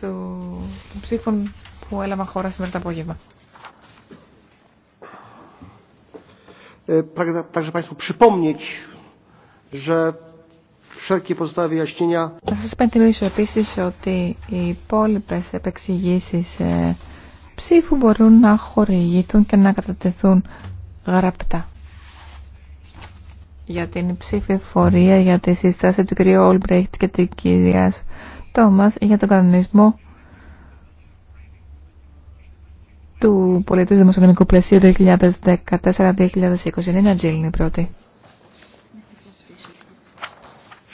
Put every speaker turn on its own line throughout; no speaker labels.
Του ψήφων που έλαβα χώρα σήμερα το απόγευμα.
Ε, να
σα υπενθυμίσω επίση ότι οι υπόλοιπε επεξηγήσεις ε, ψήφου μπορούν να χορηγηθούν και να κατατεθούν γραπτά. Για την ψήφη για τη σύσταση του κ. Όλμπρεχτ και της κυρίας εαυτό μας για τον κανονισμό του πολιτού δημοσιονομικού πλαισίου 2014-2020. Είναι Τζίλ η πρώτη.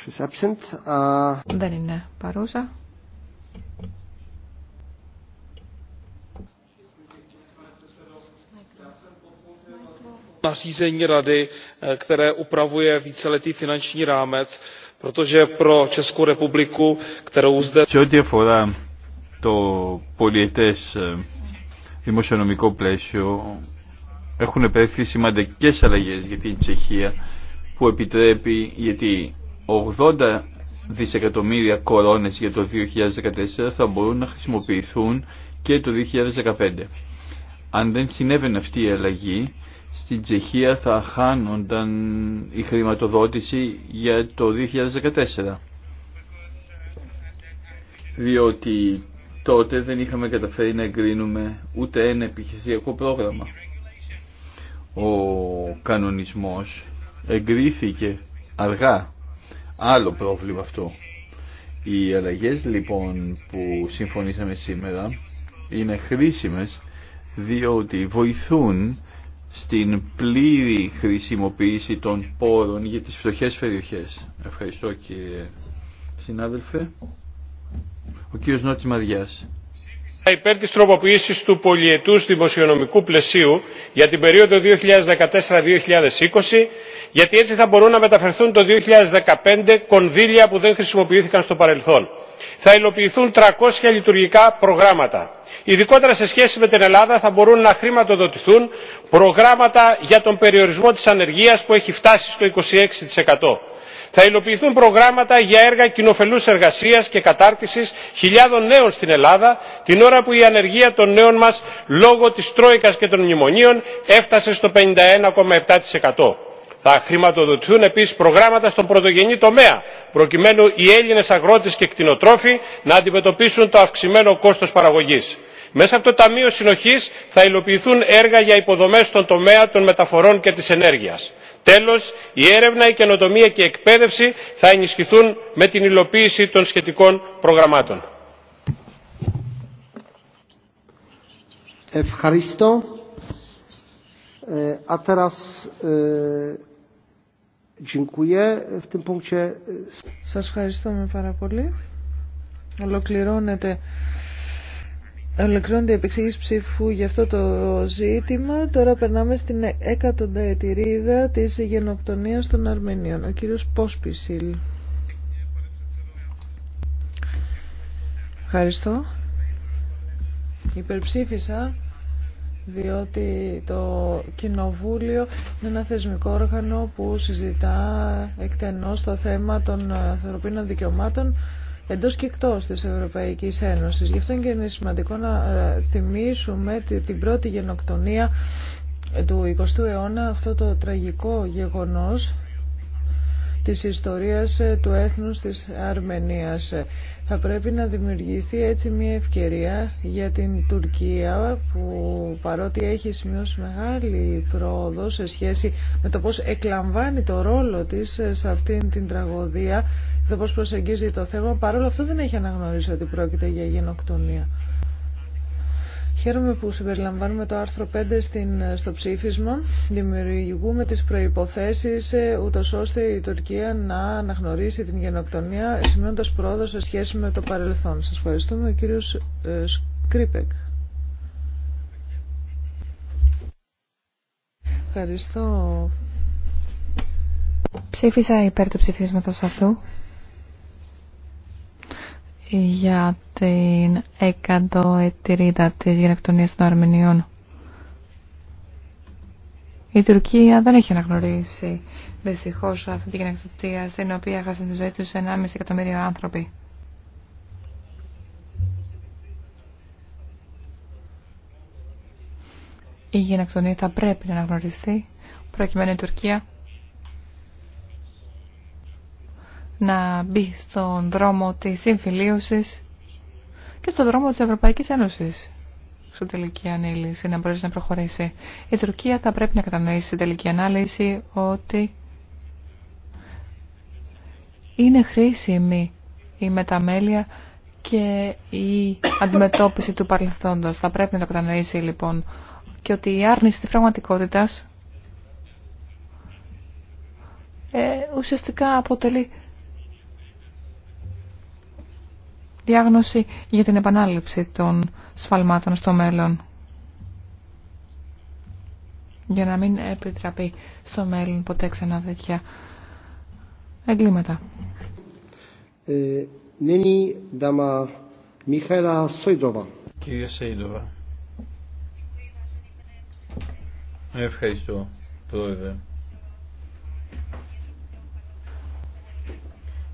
She's absent. Uh... Δεν είναι παρούσα.
nařízení rady eh, které upravuje víceletý finanční rámec protože
Σε ό,τι αφορά το πολιετές δημοσιονομικό πλαίσιο έχουν επέλθει σημαντικές αλλαγές για την Τσεχία που επιτρέπει γιατί 80 δισεκατομμύρια κορώνες για το 2014 θα μπορούν να χρησιμοποιηθούν και το 2015. Αν δεν συνέβαινε αυτή η αλλαγή στην Τσεχία θα χάνονταν η χρηματοδότηση για το 2014 διότι τότε δεν είχαμε καταφέρει να εγκρίνουμε ούτε ένα επιχειρησιακό πρόγραμμα. Ο κανονισμός εγκρίθηκε αργά. Άλλο πρόβλημα αυτό. Οι αλλαγές λοιπόν που συμφωνήσαμε σήμερα είναι χρήσιμες διότι βοηθούν στην πλήρη χρησιμοποίηση των πόρων για τις φτωχές περιοχές. Ευχαριστώ κύριε συνάδελφε. Ο κύριος Νότης Μαριάς.
Υπέρ της τροποποίησης του πολιετούς δημοσιονομικού πλαισίου για την περίοδο 2014-2020 γιατί έτσι θα μπορούν να μεταφερθούν το 2015 κονδύλια που δεν χρησιμοποιήθηκαν στο παρελθόν. Θα υλοποιηθούν 300 λειτουργικά προγράμματα. Ειδικότερα σε σχέση με την Ελλάδα θα μπορούν να χρηματοδοτηθούν προγράμματα για τον περιορισμό της ανεργίας που έχει φτάσει στο 26%. Θα υλοποιηθούν προγράμματα για έργα κοινοφελού εργασία και κατάρτιση χιλιάδων νέων στην Ελλάδα, την ώρα που η ανεργία των νέων μα λόγω τη Τρόικα και των μνημονίων έφτασε στο 51,7% θα χρηματοδοτηθούν επίσης προγράμματα στον πρωτογενή τομέα προκειμένου οι έλληνες αγρότες και κτηνοτρόφοι να αντιμετωπίσουν το αυξημένο κόστος παραγωγής. Μέσα από το Ταμείο Συνοχής θα υλοποιηθούν έργα για υποδομές στον τομέα των μεταφορών και της ενέργειας. Τέλος, η έρευνα, η καινοτομία και η εκπαίδευση θα ενισχυθούν με την υλοποίηση των σχετικών προγραμμάτων.
Ευχαριστώ. Ε, ε
σας ευχαριστούμε πάρα πολύ. Ολοκληρώνεται, ολοκληρώνεται η επεξήγηση ψήφου για αυτό το ζήτημα. Τώρα περνάμε στην έκατοντα ετηρίδα της γενοκτονίας των Αρμενίων. Ο κύριος Πόσπισιλ. Ευχαριστώ. Υπερψήφισα διότι το Κοινοβούλιο είναι ένα θεσμικό όργανο που συζητά εκτενώς το θέμα των ανθρωπίνων δικαιωμάτων εντός και εκτός της Ευρωπαϊκής Ένωσης. Γι' αυτό και είναι σημαντικό να ε, θυμίσουμε την πρώτη γενοκτονία του 20ου αιώνα, αυτό το τραγικό γεγονός της ιστορίας ε, του έθνους της Αρμενίας. Θα πρέπει να δημιουργηθεί έτσι μια ευκαιρία για την Τουρκία που παρότι έχει σημειώσει μεγάλη πρόοδο σε σχέση με το πώς εκλαμβάνει το ρόλο της ε, σε αυτήν την τραγωδία, το πώς προσεγγίζει το θέμα, παρόλο αυτό δεν έχει αναγνωρίσει ότι πρόκειται για γενοκτονία. Χαίρομαι που συμπεριλαμβάνουμε το άρθρο 5 στην, στο ψήφισμα. Δημιουργούμε τις προϋποθέσεις ε, ούτως ώστε η Τουρκία να αναγνωρίσει την γενοκτονία σημειώνοντας πρόοδο σε σχέση με το παρελθόν. Σας ευχαριστούμε. Ο κύριος ε, Σκρίπεκ. Ευχαριστώ.
Ψήφισα υπέρ του ψηφίσματος αυτού ε, για την εκατοετηρίδα της γενεκτονίας των Αρμενιών. Η Τουρκία δεν έχει αναγνωρίσει δυστυχώς αυτή τη γενοκτονία στην οποία χάσαν τη ζωή τους 1,5 εκατομμύριο άνθρωποι. Η γενοκτονία θα πρέπει να αναγνωριστεί προκειμένου η Τουρκία να μπει στον δρόμο της συμφιλίωσης και στον δρόμο της Ευρωπαϊκής Ένωσης στην τελική ανήλυση να μπορέσει να προχωρήσει. Η Τουρκία θα πρέπει να κατανοήσει στην τελική ανάλυση ότι είναι χρήσιμη η μεταμέλεια και η αντιμετώπιση του παρελθόντος. Θα πρέπει να το κατανοήσει λοιπόν και ότι η άρνηση της πραγματικότητας ε, ουσιαστικά αποτελεί διάγνωση για την επανάληψη των σφαλμάτων στο μέλλον. Για να μην επιτραπεί στο μέλλον ποτέ ξανά τέτοια εγκλήματα.
Ε, νένι δαμα Μιχαήλα Σόιντροβα.
Κυρία Σόιντροβα. Ευχαριστώ, Πρόεδρε.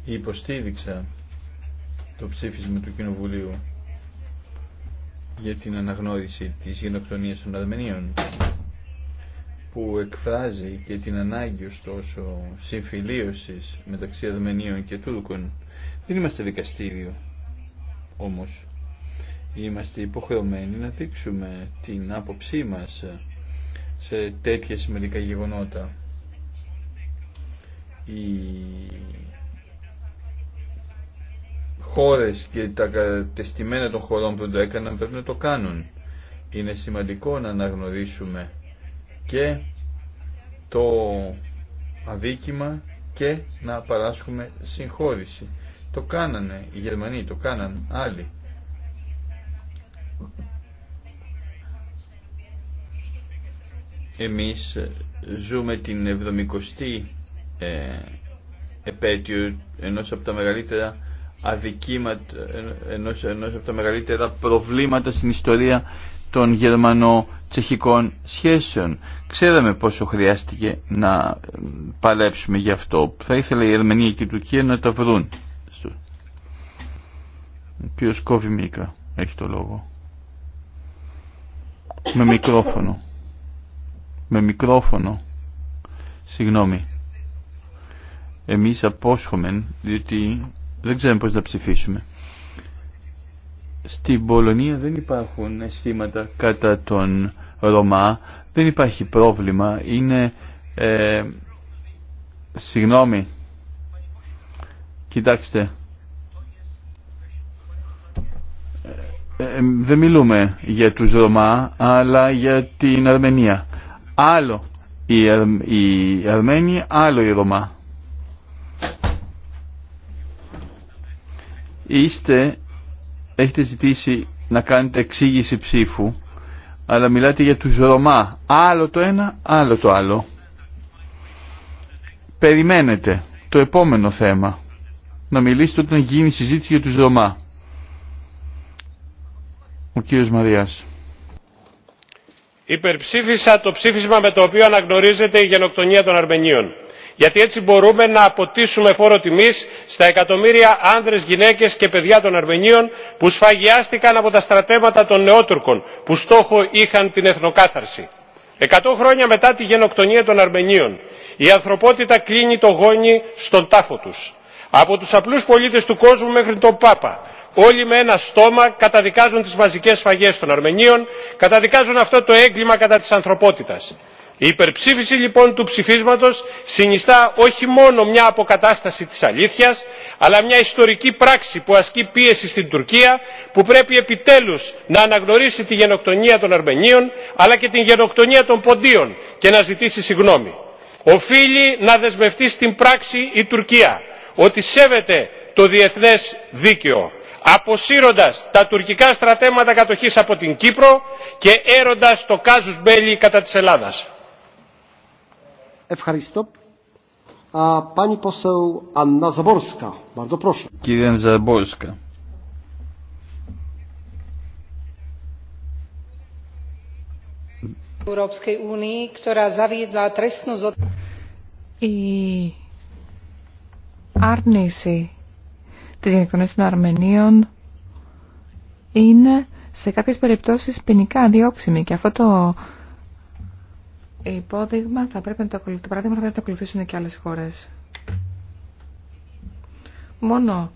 Υποστήριξα το ψήφισμα του Κοινοβουλίου για την αναγνώριση της γενοκτονίας των Αρμενίων που εκφράζει και την ανάγκη ωστόσο συμφιλίωσης μεταξύ Αρμενίων και Τούρκων. Δεν είμαστε δικαστήριο όμως. Είμαστε υποχρεωμένοι να δείξουμε την άποψή μας σε τέτοια σημαντικά γεγονότα χώρες και τα κατεστημένα των χωρών που το έκαναν πρέπει να το κάνουν. Είναι σημαντικό να αναγνωρίσουμε και το αδίκημα και να παράσχουμε συγχώρηση. Το κάνανε οι Γερμανοί, το κάνανε άλλοι. Εμείς ζούμε την 70η ε, επέτειο ενός από τα μεγαλύτερα αδικήματα, ενός, ενός από τα μεγαλύτερα προβλήματα στην ιστορία των γερμανο-τσεχικών σχέσεων. Ξέραμε πόσο χρειάστηκε να ε, παλέψουμε γι' αυτό. Θα ήθελα η Ερμενία και η Τουρκία να τα βρουν. Ο κύριος Μίκα έχει το λόγο. Με μικρόφωνο. Με μικρόφωνο. Συγγνώμη. Εμείς απόσχομεν, διότι δεν ξέρουμε πώς να ψηφίσουμε. Στην Πολωνία δεν υπάρχουν αισθήματα κατά τον Ρωμά, δεν υπάρχει πρόβλημα, είναι... Ε, συγγνώμη, κοιτάξτε, ε, ε, δεν μιλούμε για τους Ρωμά, αλλά για την Αρμενία. Άλλο οι, Αρ, Αρμένοι, άλλο οι Ρωμά. Είστε, έχετε ζητήσει να κάνετε εξήγηση ψήφου, αλλά μιλάτε για τους Ρωμά. Άλλο το ένα, άλλο το άλλο. Περιμένετε το επόμενο θέμα να μιλήσετε όταν γίνει η συζήτηση για τους Ρωμά. Ο κύριος Μαριάς.
Υπερψήφισα το ψήφισμα με το οποίο αναγνωρίζεται η γενοκτονία των Αρμενίων γιατί έτσι μπορούμε να αποτίσουμε φόρο τιμής στα εκατομμύρια άνδρες, γυναίκες και παιδιά των Αρμενίων που σφαγιάστηκαν από τα στρατεύματα των Νεότουρκων που στόχο είχαν την εθνοκάθαρση. Εκατό χρόνια μετά τη γενοκτονία των Αρμενίων η ανθρωπότητα κλείνει το γόνι στον τάφο του, Από του απλού πολίτε του κόσμου μέχρι τον Πάπα όλοι με ένα στόμα καταδικάζουν τις μαζικές σφαγές των Αρμενίων, καταδικάζουν αυτό το έγκλημα κατά της ανθρωπότητα. Η υπερψήφιση λοιπόν του ψηφίσματος συνιστά όχι μόνο μια αποκατάσταση της αλήθειας, αλλά μια ιστορική πράξη που ασκεί πίεση στην Τουρκία, που πρέπει επιτέλους να αναγνωρίσει τη γενοκτονία των Αρμενίων, αλλά και την γενοκτονία των Ποντίων και να ζητήσει συγγνώμη. Οφείλει να δεσμευτεί στην πράξη η Τουρκία ότι σέβεται το διεθνές δίκαιο αποσύροντας τα τουρκικά στρατέματα κατοχής από την Κύπρο και έροντας το κάζους μπέλι κατά της Ελλάδας.
Ευχαριστώ.
Η άρνηση της γενικονίας των Αρμενίων είναι σε κάποιες περιπτώσεις ποινικά διώξιμη και αυτό το υπόδειγμα θα πρέπει να το, το παράδειγμα θα πρέπει να το ακολουθήσουν και άλλες χώρες. Μόνο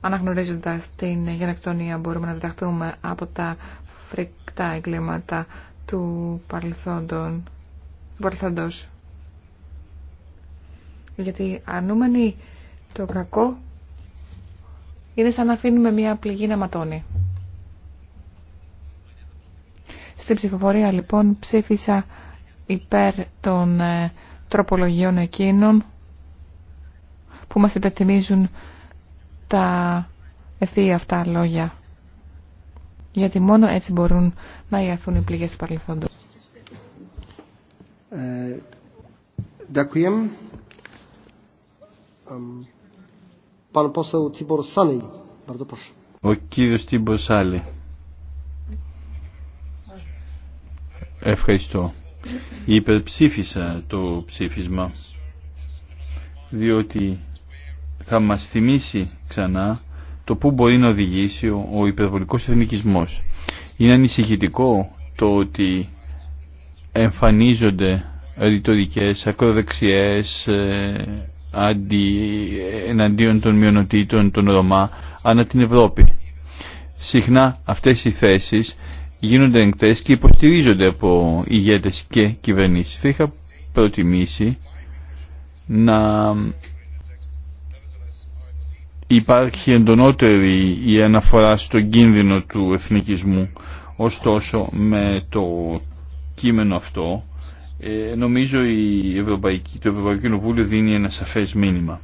αναγνωρίζοντας την γενεκτονία μπορούμε να διδαχτούμε από τα φρικτά εγκλήματα του παρελθόντος. Γιατί αρνούμενοι το κακό είναι σαν να αφήνουμε μια πληγή να ματώνει. Στην ψηφοφορία λοιπόν ψήφισα υπέρ των ε, τροπολογιών εκείνων που μας υπενθυμίζουν τα ευθεία αυτά λόγια. Γιατί μόνο έτσι μπορούν να ιαθούν οι πληγές του παρελθόντος.
Ε, ε,
Ο κύριος Τίμπορ Ευχαριστώ. Υπερψήφισα το ψήφισμα διότι θα μας θυμίσει ξανά το πού μπορεί να οδηγήσει ο υπερβολικός εθνικισμός. Είναι ανησυχητικό το ότι εμφανίζονται ρητορικές, ακροδεξιές, ε, εναντίον των μειονοτήτων, των Ρωμά, ανά την Ευρώπη. Συχνά αυτές οι θέσεις γίνονται εγκτές και υποστηρίζονται από ηγέτες και κυβερνήσεις. Θα είχα προτιμήσει να υπάρχει εντονότερη η αναφορά στον κίνδυνο του εθνικισμού. Ωστόσο με το κείμενο αυτό ε, νομίζω η Ευρωπαϊκή, το Ευρωπαϊκό Κοινοβούλιο δίνει ένα σαφές μήνυμα.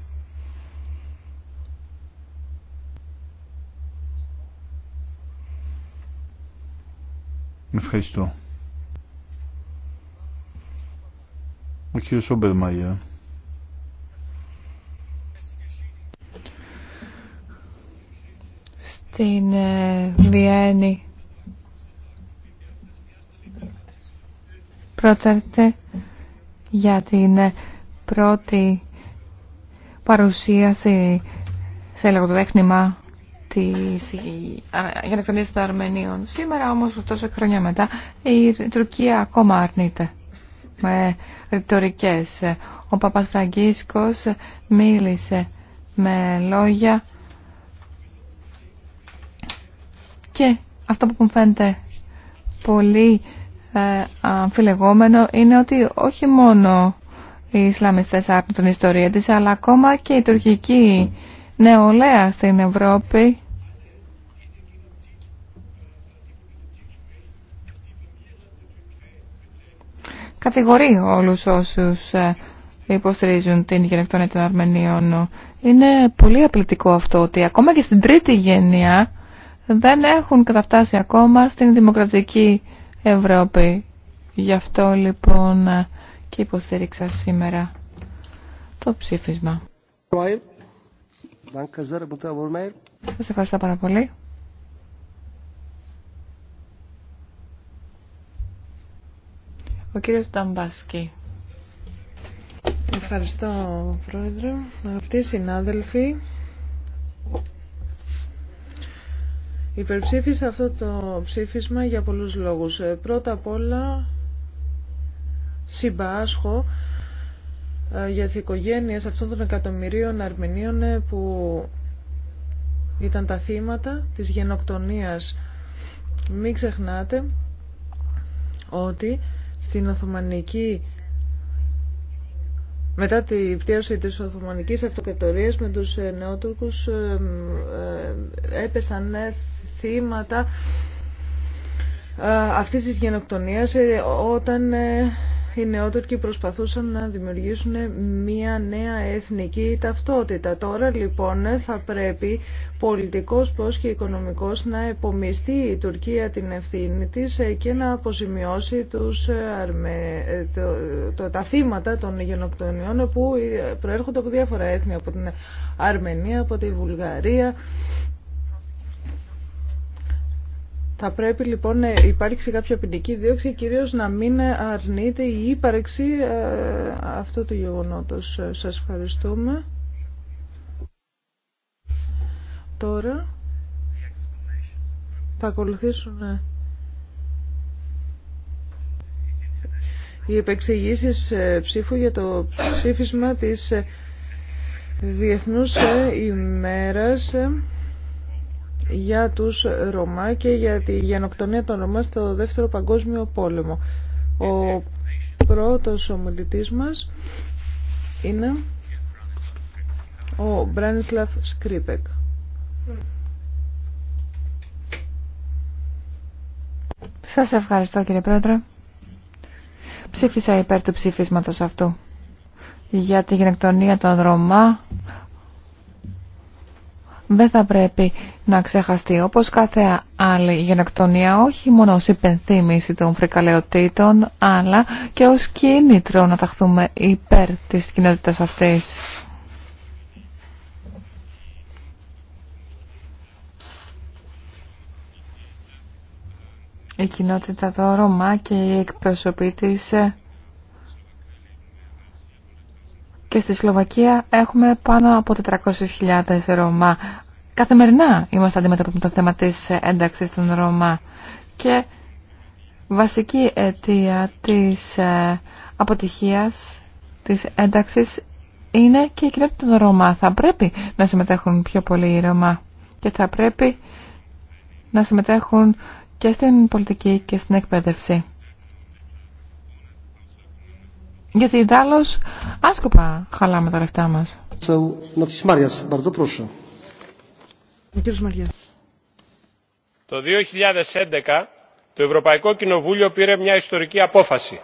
Ευχαριστώ. Ο κύριος Όμπερ Μαρία.
Στην ε, Βιέννη Πρόταρτε για την ε, πρώτη παρουσίαση σε λογοτέχνημα της γενοκτονίας των Αρμενίων. Σήμερα όμως, τόσο χρόνια μετά, η Τουρκία ακόμα αρνείται με ρητορικές. Ο Παπας Φραγκίσκος μίλησε με λόγια και αυτό που μου φαίνεται πολύ ε, αμφιλεγόμενο είναι ότι όχι μόνο οι Ισλαμιστές άρνουν την ιστορία της αλλά ακόμα και η τουρκική νεολαία στην Ευρώπη κατηγορεί όλους όσους ε, υποστηρίζουν την γενεκτόνια των Αρμενίων. Είναι πολύ απλητικό αυτό ότι ακόμα και στην τρίτη γενιά δεν έχουν καταφτάσει ακόμα στην δημοκρατική Ευρώπη. Γι' αυτό λοιπόν ε, και υποστήριξα σήμερα το ψήφισμα.
Σας
ευχαριστώ πάρα πολύ.
Ο κύριος Ταμπάσκη. Ευχαριστώ, Πρόεδρε. Αγαπητοί συνάδελφοι, υπερψήφισα αυτό το ψήφισμα για πολλούς λόγους. Ε, πρώτα απ' όλα, συμπάσχω ε, για τις οικογένειες αυτών των εκατομμυρίων Αρμενίων ε, που ήταν τα θύματα της γενοκτονίας. Μην ξεχνάτε ότι στην Οθωμανική μετά τη πτήρωση της Οθωμανικής Αυτοκρατορίας με τους ε, νεότουρκους έπεσαν θύματα αυτής της γενοκτονίας όταν οι νεότερκοι προσπαθούσαν να δημιουργήσουν μια νέα εθνική ταυτότητα. Τώρα λοιπόν θα πρέπει πολιτικός πώς και οικονομικός να επομιστεί η Τουρκία την ευθύνη της και να αποζημιώσει τους ε, ε, το... τα θύματα των γενοκτονιών που ε, προέρχονται από διάφορα έθνη, από την Αρμενία, από τη Βουλγαρία, θα πρέπει λοιπόν να υπάρξει κάποια ποινική δίωξη, κυρίως να μην αρνείται η ύπαρξη ε, αυτού του γεγονότος. Σας ευχαριστούμε. Τώρα θα ακολουθήσουν ε, οι επεξηγήσεις ε, ψήφου για το ψήφισμα της Διεθνούς ημέρας για τους Ρωμά και για τη γενοκτονία των Ρωμά στο Δεύτερο Παγκόσμιο Πόλεμο. Ο πρώτος ομιλητής μας είναι ο Μπράνισλαφ Σκρίπεκ. Σας ευχαριστώ
κύριε Πρόεδρε. Ψήφισα υπέρ του ψηφίσματος αυτού για τη γενοκτονία των Ρωμά δεν θα πρέπει να ξεχαστεί όπως κάθε άλλη γενοκτονία όχι μόνο ως υπενθύμηση των φρικαλαιοτήτων αλλά και ως κίνητρο να ταχθούμε υπέρ της κοινότητας αυτής. Η κοινότητα το Ρώμα και η εκπροσωπή της και στη Σλοβακία έχουμε πάνω από 400.000 Ρωμά. Καθημερινά είμαστε αντιμέτωποι με το θέμα της ένταξης των Ρωμά. Και βασική αιτία της ε, αποτυχίας της ένταξης είναι και η κοινότητα των Ρωμά. Θα πρέπει να συμμετέχουν πιο πολύ οι Ρωμά και θα πρέπει να συμμετέχουν και στην πολιτική και στην εκπαίδευση. Γιατί η άσκοπα χαλάμε τα λεφτά μας.
Το 2011 το Ευρωπαϊκό Κοινοβούλιο πήρε μια ιστορική απόφαση.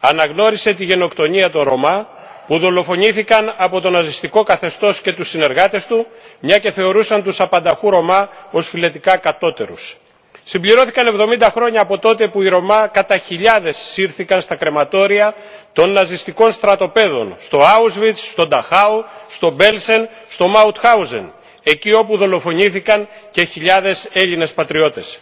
Αναγνώρισε τη γενοκτονία των Ρωμά που δολοφονήθηκαν από το ναζιστικό καθεστώς και τους συνεργάτες του, μια και θεωρούσαν τους απανταχού Ρωμά ως φυλετικά κατώτερους συμπληρώθηκαν 70 χρόνια από τότε που οι Ρωμά κατά χιλιάδες σύρθηκαν στα κρεματόρια των ναζιστικών στρατοπέδων, στο Auschwitz, στο Νταχάου, στο Μπέλσεν, στο Μάουτχάουζεν, εκεί όπου δολοφονήθηκαν και χιλιάδες Έλληνες πατριώτες.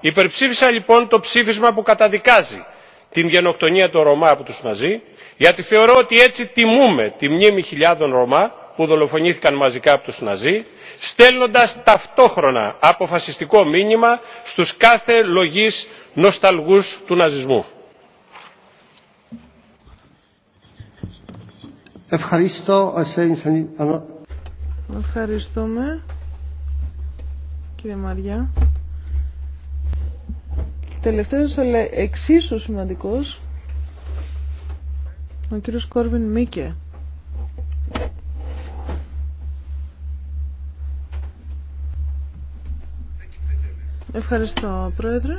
Υπερψήφισα λοιπόν το ψήφισμα που καταδικάζει την γενοκτονία των Ρωμά από τους Ναζί, γιατί θεωρώ ότι έτσι τιμούμε τη μνήμη χιλιάδων Ρωμά που δολοφονήθηκαν μαζικά από τους Ναζί, στέλνοντας ταυτόχρονα αποφασιστικό μήνυμα στους κάθε λογής νοσταλγούς του ναζισμού.
Ευχαριστώ.
Ευχαριστούμε, κύριε Μαριά. Τελευταίος, αλλά εξίσου σημαντικός, ο κύριος Κόρβιν Μίκε. Ευχαριστώ, Πρόεδρε.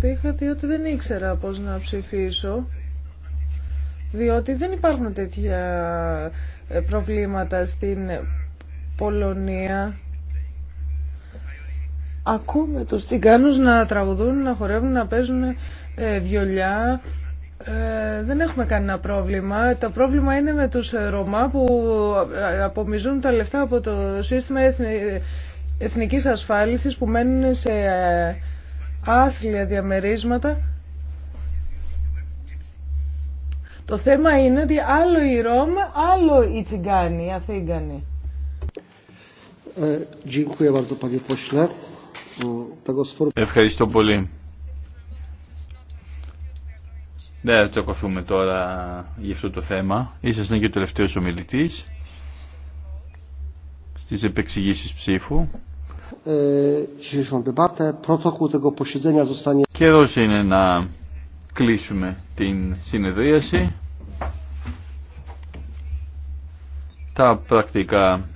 Πήγα ε, ότι δεν ήξερα πώς να ψηφίσω, διότι δεν υπάρχουν τέτοια ε, προβλήματα στην Πολωνία. Ακούμε τους τσιγκάνους να τραγουδούν, να χορεύουν, να παίζουν ε, βιολιά. Ε, δεν έχουμε κανένα πρόβλημα. Το πρόβλημα είναι με τους Ρωμά που ε, απομιζούν τα λεφτά από το σύστημα εθνική εθνικής ασφάλισης που μένουν σε ε, άθλια διαμερίσματα. Το θέμα είναι ότι άλλο η Ρώμα, άλλο οι Τσιγκάνοι, οι Αθήγανοι.
Ευχαριστώ πολύ. Δεν θα τσακωθούμε τώρα για αυτό το θέμα. Ήσασταν είναι και ο τελευταίο ομιλητής στις επεξηγήσεις ψήφου. Καιρό είναι να κλείσουμε την συνεδρίαση. Τα πρακτικά